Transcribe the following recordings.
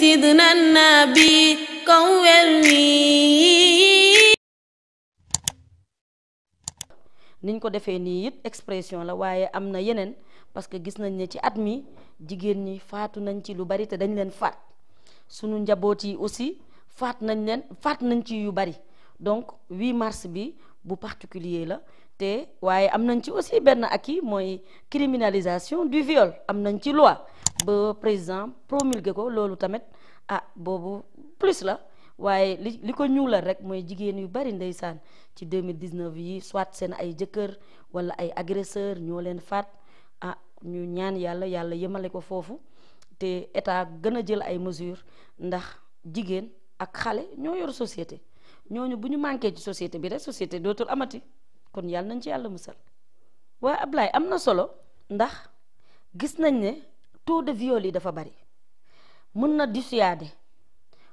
sidna nabi kaw weer wi niñ ko defee nii it expression la waaye am na yeneen parce que gis nañ ne ci at mi jigéen ñi faatu nañ ci lu bari te dañ leen faat sunu njaboot yi aussi faat nañ leen faat nañ ci yu bari donc 8 mars bi bu particulier la te waaye am nañ ci aussi benn ak acquis mooy criminalisation du viol am nañ ci loi ba président promulgué ko loolu tamit ah boobu plus la waaye li li ko ñuulal rek mooy jigéen yu bari ndeysaan ci 2019 yi soit seen ay jëkkër wala ay agresseur ñoo leen faat ah ñu ñaan yàlla yàlla yemale ko foofu te état gën a jël ay mesures ndax jigéen ak xale ñoo yor société ñooñu bu ñu manqué ci société bi rek société dootul amati kon yàlla nañ ci yàlla musal waaye Ablaye am na solo ndax gis nañ ne taux de viole yi dafa bari mun na dissuader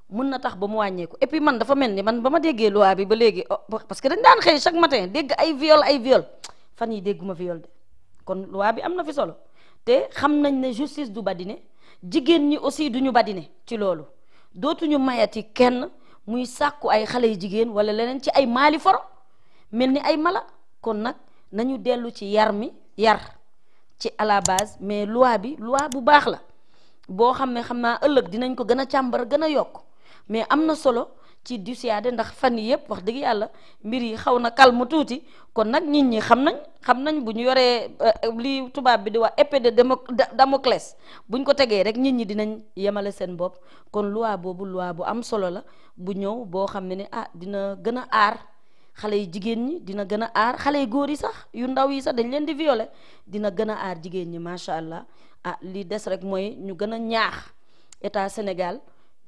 mën na tax ba mu wàññeeku et puis man dafa mel ni man ba ma déggee loi bi ba léegi oh, parce que dañ daan xëy chaque matin dégg ay viol ay viol fan yi dégguma viol de kon loi bi am na fi solo te xam nañ ne justice du badine jigéen ñi aussi du ñu badine ci loolu dootuñu mayati kenn muy sàkku ay xale yu jigéen wala leneen ci ay maali foro mel ni ay mala kon nag nañu dellu ci yar mi yar ci à mais loi bi loi bu baax la boo xam ne xam naa ëllëg dinañ ko gën a càmbar gën a yokk mais am na solo ci DUCAD ndax fan yi yëpp wax dëgg yàlla mbir yi xaw na calme tuuti kon nag nit ñi xam nañ xam nañ bu ñu yoree euh, lii tubaab bi di wax épée de Damoclès buñ ko tegee rek nit ñi dinañ yemale seen bopp kon loi boobu loi bu am solo la bu ñëw boo xam ne ni ah dina gën a aar xale yu jigéen ñi dina gën a aar xale yu góor yi sax yu ndaw yi sax dañ leen di violer dina gën a aar jigéen ñi macha allah ah li des rek mooy ñu gën a ñaax état Sénégal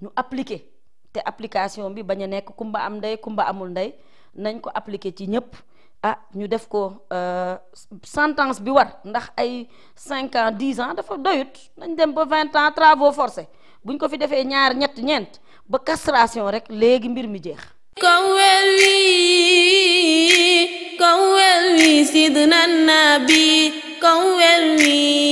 ñu appliquer te application bi bañ a nekk kumba am ndey kumba amul ndey nañ ko appliquer ci ñëpp ah ñu def ko euh, sentence bi war ndax ay 5 ans 10 ans dafa doyut nañ dem ba 20 ans travaux forcés buñ ko fi defee ñaar ñett ñeent ba castration rek léegi mbir mi jeex. sidna nabi kon wel wi